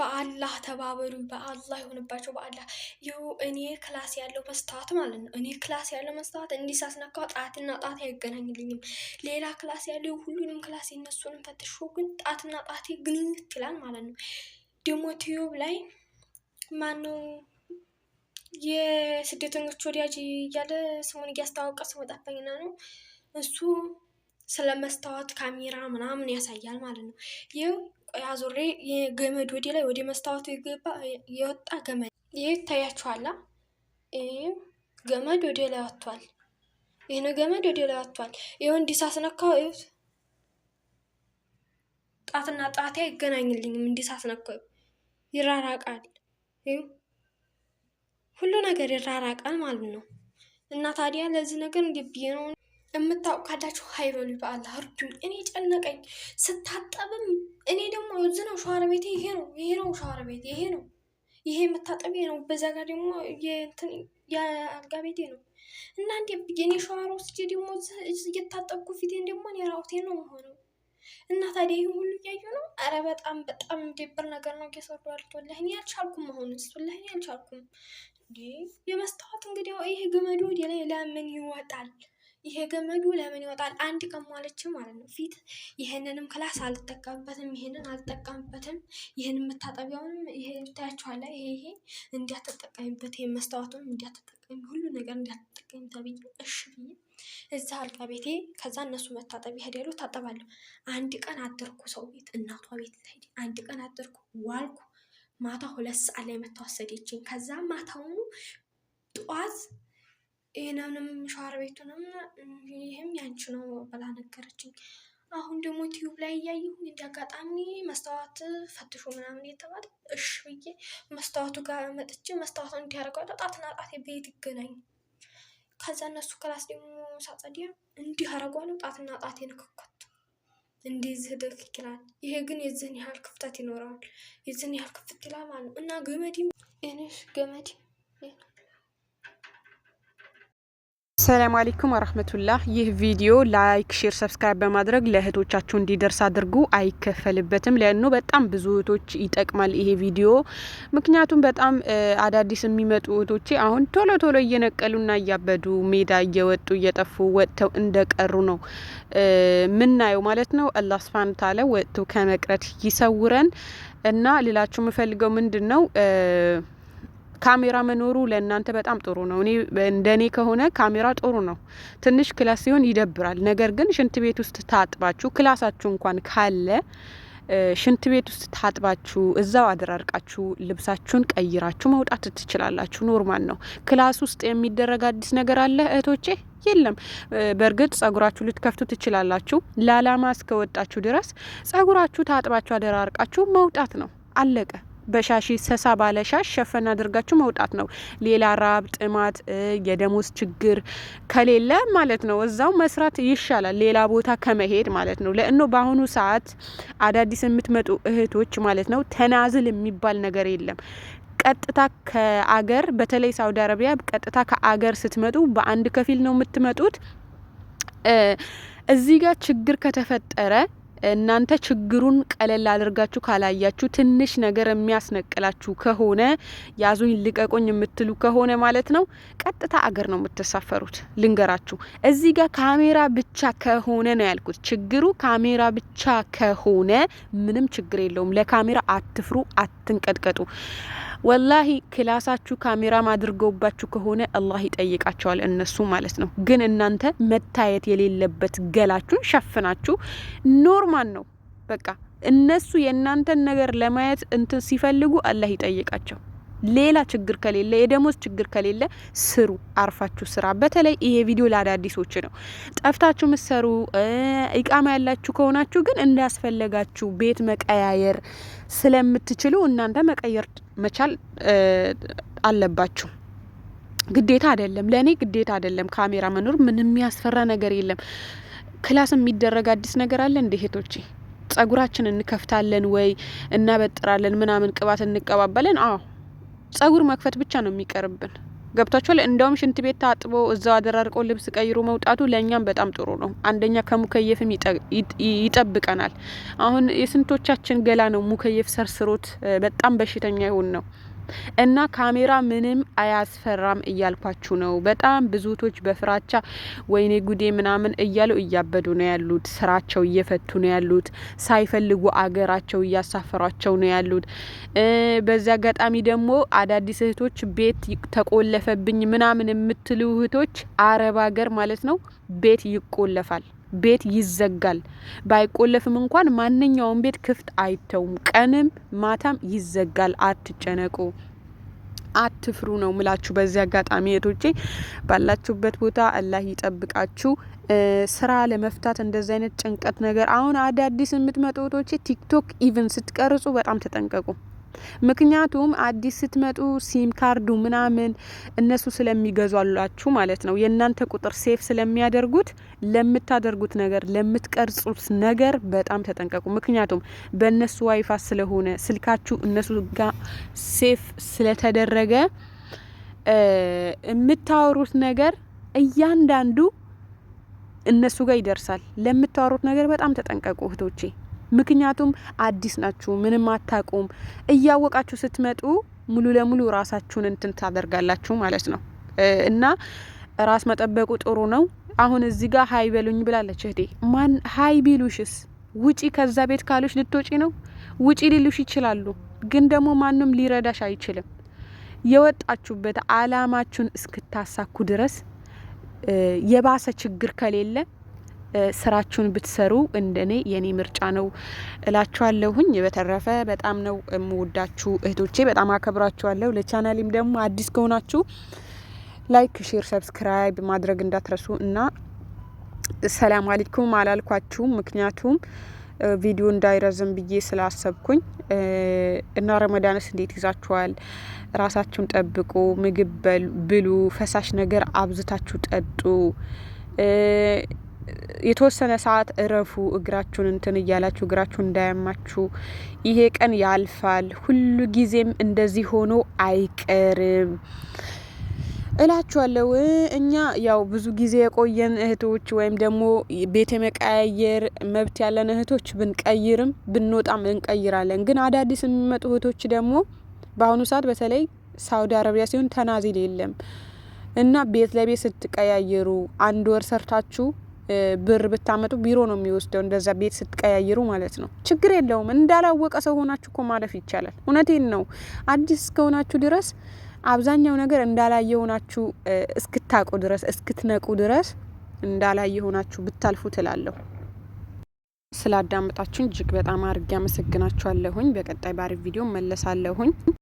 በአላህ ተባበሉ። በአላህ የሆንባቸው በአላህ ይኸው እኔ ክላስ ያለው መስታወት ማለት ነው። እኔ ክላስ ያለው መስታወት እንዲህ ሳስነካው ጣትና ጣት አይገናኝልኝም። ሌላ ክላስ ያለው ሁሉንም ክላስ የነሱንም ፈትሾ ግን ጣትና ጣቴ ግንኙት ይላል ማለት ነው። ደግሞ ቲዩብ ላይ ማነው የስደተኞች ወዳጅ እያለ ስሙን እያስተዋወቀ ስሙ ጠፋኝና ነው እሱ ስለ መስታወት ካሜራ ምናምን ያሳያል ማለት ነው። ይኸው አዙሬ የገመድ ወደ ላይ ወደ መስታወቱ የገባ የወጣ ገመድ ይህ ይታያችኋላ። ገመድ ወደ ላይ ወጥቷል። ይህን ገመድ ወደ ላይ ወጥቷል። ይኸው እንዲህ ሳስነካው ይኸው ጣትና ጣቴ አይገናኝልኝም። እንዲህ ሳስነካው ይራራቃል። ይኸው ሁሉ ነገር ይራራቃል ማለት ነው። እና ታዲያ ለዚህ ነገር እንዲህ ብዬ ነው የምታውቅ ካላችሁ ሀይበሉ በአል እርዱኝ። እኔ ጨነቀኝ ስታጠብም እኔ ደግሞ እዚ ነው ሸዋር ቤቴ ይሄ ነው ይሄ ነው ሸዋር ቤት፣ ይሄ ነው ይሄ መታጠቤ ነው። በዛ ጋር ደግሞ የአልጋ ቤቴ ነው እና እንዴ የኔ ሸዋር ውስጥ ደግሞ እየታጠብኩ ፊቴን ደግሞ እኔ ራውቴ ነው መሆነው እና ታዲያ ይህ ሁሉ እያዩ ነው። አረ በጣም በጣም የሚደብር ነገር ነው። እየሰሩ ያሉት ወላሂ አልቻልኩም፣ መሆን ወላሂ አልቻልኩም። የመስታወት እንግዲህ ይህ ግመድ ወደ ላይ ለምን ይወጣል? ይሄ ገመዱ ለምን ይወጣል? አንድ ቀን ሟለች ማለት ነው። ፊት ይሄንንም ክላስ አልጠቀምበትም፣ ይሄንን አልጠቀምበትም፣ ይሄን የምታጠቢያውንም ይሄ ታያችኋለ። ይሄ ይሄ እንዲያተጠቀሚበት ይሄ መስታወቱም እንዲያተጠቀሚ ሁሉ ነገር እንዲያተጠቀሚ ተብዬ እሺ ብዬ እዛ አልጋ ቤቴ ከዛ እነሱ መታጠቢ ሄደሉ ታጠባለሁ። አንድ ቀን አደርኩ ሰው ቤት እናቷ ቤት ላይ አንድ ቀን አደርኩ ዋልኩ። ማታ ሁለት ሰዓት ላይ መታወሰደችኝ። ከዛ ማታውኑ ጠዋት ይሄንንም ሻወር ቤቱንም ይህም ያንቺ ነው ብላ ነገረችኝ። አሁን ደግሞ ቲዩብ ላይ እያየሁ እንዲህ አጋጣሚ መስታወት ፈትሾ ምናምን የተባለ እሽ ብዬ መስታወቱ ጋር መጥቼ መስታወት እንዲያደርገው ጣትና ጣቴ ቤት ይገናኝ? ከዛ እነሱ ክላስ ደግሞ ሳጸዲያ እንዲህ አረጓል ጣትና ጣቴ ንክኳት እንደዚህ ደክ ይላል። ይሄ ግን የዚህን ያህል ክፍተት ይኖረዋል። የዚህን ያህል ክፍት ይላል ማለት ነው እና ገመዲ ይህንሽ ገመዲ አሰላሙ አለይኩም ወራህመቱላህ። ይህ ቪዲዮ ላይክ፣ ሼር፣ ሰብስክራይብ በማድረግ ለእህቶቻችሁ እንዲደርስ አድርጉ። አይከፈልበትም፣ ለእኑ በጣም ብዙ እህቶች ይጠቅማል ይሄ ቪዲዮ። ምክንያቱም በጣም አዳዲስ የሚመጡ እህቶቼ አሁን ቶሎ ቶሎ እየነቀሉና እያበዱ ሜዳ እየወጡ እየጠፉ ወጥተው እንደቀሩ ነው ምናየው ማለት ነው። አላህ ሱብሃነሁ ወተዓላ ወጥቶ ከመቅረት ይሰውረን እና ልላችሁ የምፈልገው ምንድን ነው ካሜራ መኖሩ ለእናንተ በጣም ጥሩ ነው። እኔ እንደኔ ከሆነ ካሜራ ጥሩ ነው። ትንሽ ክላስ ሲሆን ይደብራል። ነገር ግን ሽንት ቤት ውስጥ ታጥባችሁ ክላሳችሁ እንኳን ካለ ሽንት ቤት ውስጥ ታጥባችሁ እዛው አደራርቃችሁ ልብሳችሁን ቀይራችሁ መውጣት ትችላላችሁ። ኖርማል ነው። ክላስ ውስጥ የሚደረግ አዲስ ነገር አለ እህቶቼ? የለም። በእርግጥ ጸጉራችሁ ልትከፍቱ ትችላላችሁ። ለአላማ እስከወጣችሁ ድረስ ጸጉራችሁ ታጥባችሁ አደራርቃችሁ መውጣት ነው። አለቀ። በሻሺ ሰሳ ባለ ሻሽ ሸፈን አድርጋችሁ መውጣት ነው። ሌላ ራብ፣ ጥማት፣ የደሞዝ ችግር ከሌለ ማለት ነው እዛው መስራት ይሻላል፣ ሌላ ቦታ ከመሄድ ማለት ነው። ለእኖ በአሁኑ ሰዓት አዳዲስ የምትመጡ እህቶች ማለት ነው ተናዝል የሚባል ነገር የለም። ቀጥታ ከአገር በተለይ ሳውዲ አረቢያ ቀጥታ ከአገር ስትመጡ በአንድ ከፊል ነው የምትመጡት። እዚህ ጋር ችግር ከተፈጠረ እናንተ ችግሩን ቀለል አድርጋችሁ ካላያችሁ ትንሽ ነገር የሚያስነቅላችሁ ከሆነ ያዙኝ ልቀቁኝ የምትሉ ከሆነ ማለት ነው ቀጥታ አገር ነው የምትሳፈሩት። ልንገራችሁ እዚህ ጋር ካሜራ ብቻ ከሆነ ነው ያልኩት። ችግሩ ካሜራ ብቻ ከሆነ ምንም ችግር የለውም። ለካሜራ አትፍሩ፣ አትንቀጥቀጡ። ወላሂ ክላሳችሁ ካሜራም አድርገውባችሁ ከሆነ አላህ ይጠይቃቸዋል እነሱ ማለት ነው። ግን እናንተ መታየት የሌለበት ገላችሁን ሸፍናችሁ ኖርማል ነው በቃ እነሱ የእናንተን ነገር ለማየት እንትን ሲፈልጉ አላህ ይጠይቃቸው። ሌላ ችግር ከሌለ የደሞዝ ችግር ከሌለ ስሩ፣ አርፋችሁ ስራ። በተለይ ይሄ ቪዲዮ ለአዳዲሶች ነው። ጠፍታችሁ ምሰሩ ኢቃማ ያላችሁ ከሆናችሁ ግን እንዳስፈለጋችሁ ቤት መቀያየር ስለምትችሉ እናንተ መቀየር መቻል አለባችሁ። ግዴታ አይደለም፣ ለእኔ ግዴታ አይደለም። ካሜራ መኖር ምንም የሚያስፈራ ነገር የለም። ክላስ የሚደረግ አዲስ ነገር አለ እንደ ሄቶቼ ጸጉራችን እንከፍታለን ወይ እናበጥራለን፣ ምናምን ቅባት እንቀባበለን። አዎ ጸጉር መክፈት ብቻ ነው የሚቀርብን። ገብቷችኋል። እንደውም ሽንት ቤት ታጥቦ እዛው አደራርቆ ልብስ ቀይሮ መውጣቱ ለእኛም በጣም ጥሩ ነው። አንደኛ ከሙከየፍም ይጠብቀናል። አሁን የስንቶቻችን ገላ ነው ሙከየፍ ሰርስሮት በጣም በሽተኛ ይሆን ነው እና ካሜራ ምንም አያስፈራም እያልኳችሁ ነው። በጣም ብዙቶች በፍራቻ ወይኔ ጉዴ ምናምን እያሉ እያበዱ ነው ያሉት። ስራቸው እየፈቱ ነው ያሉት። ሳይፈልጉ አገራቸው እያሳፈሯቸው ነው ያሉት። በዚህ አጋጣሚ ደግሞ አዳዲስ እህቶች ቤት ተቆለፈብኝ ምናምን የምትሉ እህቶች አረብ ሀገር ማለት ነው ቤት ይቆለፋል። ቤት ይዘጋል። ባይቆለፍም እንኳን ማንኛውም ቤት ክፍት አይተውም። ቀንም ማታም ይዘጋል። አትጨነቁ፣ አትፍሩ ነው ምላችሁ። በዚህ አጋጣሚ እህቶቼ ባላችሁበት ቦታ አላህ ይጠብቃችሁ። ስራ ለመፍታት እንደዚህ አይነት ጭንቀት ነገር አሁን አዳዲስ የምትመጡ እህቶቼ ቲክቶክ ኢቨን ስትቀርጹ በጣም ተጠንቀቁ። ምክንያቱም አዲስ ስትመጡ ሲም ካርዱ ምናምን እነሱ ስለሚገዟላችሁ ማለት ነው። የእናንተ ቁጥር ሴፍ ስለሚያደርጉት ለምታደርጉት ነገር ለምትቀርጹት ነገር በጣም ተጠንቀቁ። ምክንያቱም በእነሱ ዋይፋ ስለሆነ ስልካችሁ እነሱ ጋር ሴፍ ስለተደረገ የምታወሩት ነገር እያንዳንዱ እነሱ ጋር ይደርሳል። ለምታወሩት ነገር በጣም ተጠንቀቁ እህቶቼ። ምክንያቱም አዲስ ናችሁ፣ ምንም አታቁም። እያወቃችሁ ስትመጡ ሙሉ ለሙሉ ራሳችሁን እንትን ታደርጋላችሁ ማለት ነው እና ራስ መጠበቁ ጥሩ ነው። አሁን እዚህ ጋር ሀይ በሉኝ ብላለች እህቴ። ማን ሀይ ቢሉሽስ? ውጪ ከዛ ቤት ካሉሽ ልትወጪ ነው? ውጪ ሊሉሽ ይችላሉ፣ ግን ደግሞ ማንም ሊረዳሽ አይችልም። የወጣችሁበት አላማችሁን እስክታሳኩ ድረስ የባሰ ችግር ከሌለ ስራችሁን ብትሰሩ እንደኔ የኔ ምርጫ ነው እላችኋለሁኝ። በተረፈ በጣም ነው የምወዳችሁ እህቶቼ፣ በጣም አከብራችኋለሁ። ለቻናሌም ደግሞ አዲስ ከሆናችሁ ላይክ፣ ሼር፣ ሰብስክራይብ ማድረግ እንዳትረሱ እና ሰላም አለይኩም አላልኳችሁም ምክንያቱም ቪዲዮ እንዳይረዝም ብዬ ስላሰብኩኝ እና ረመዳንስ እንዴት ይዛችኋል? ራሳችሁን ጠብቁ፣ ምግብ ብሉ፣ ፈሳሽ ነገር አብዝታችሁ ጠጡ። የተወሰነ ሰዓት እረፉ፣ እግራችሁን እንትን እያላችሁ እግራችሁን እንዳያማችሁ፣ ይሄ ቀን ያልፋል፣ ሁሉ ጊዜም እንደዚህ ሆኖ አይቀርም እላችኋለሁ። እኛ ያው ብዙ ጊዜ የቆየን እህቶች ወይም ደግሞ ቤት የመቀያየር መብት ያለን እህቶች ብንቀይርም ብንወጣም እንቀይራለን። ግን አዳዲስ የሚመጡ እህቶች ደግሞ በአሁኑ ሰዓት በተለይ ሳውዲ አረቢያ ሲሆን ተናዚል የለም እና ቤት ለቤት ስትቀያየሩ አንድ ወር ሰርታችሁ ብር ብታመጡ ቢሮ ነው የሚወስደው። እንደዛ ቤት ስትቀያይሩ ማለት ነው። ችግር የለውም። እንዳላወቀ ሰው ሆናችሁ እኮ ማለፍ ይቻላል። እውነቴን ነው። አዲስ እስከሆናችሁ ድረስ አብዛኛው ነገር እንዳላየ ሆናችሁ እስክታቁ ድረስ እስክትነቁ ድረስ እንዳላየ ሆናችሁ ብታልፉ ትላለሁ። ስላዳመጣችሁን እጅግ በጣም አድርጌ አመሰግናችኋለሁኝ። በቀጣይ ባሪፍ ቪዲዮ መለሳለሁኝ።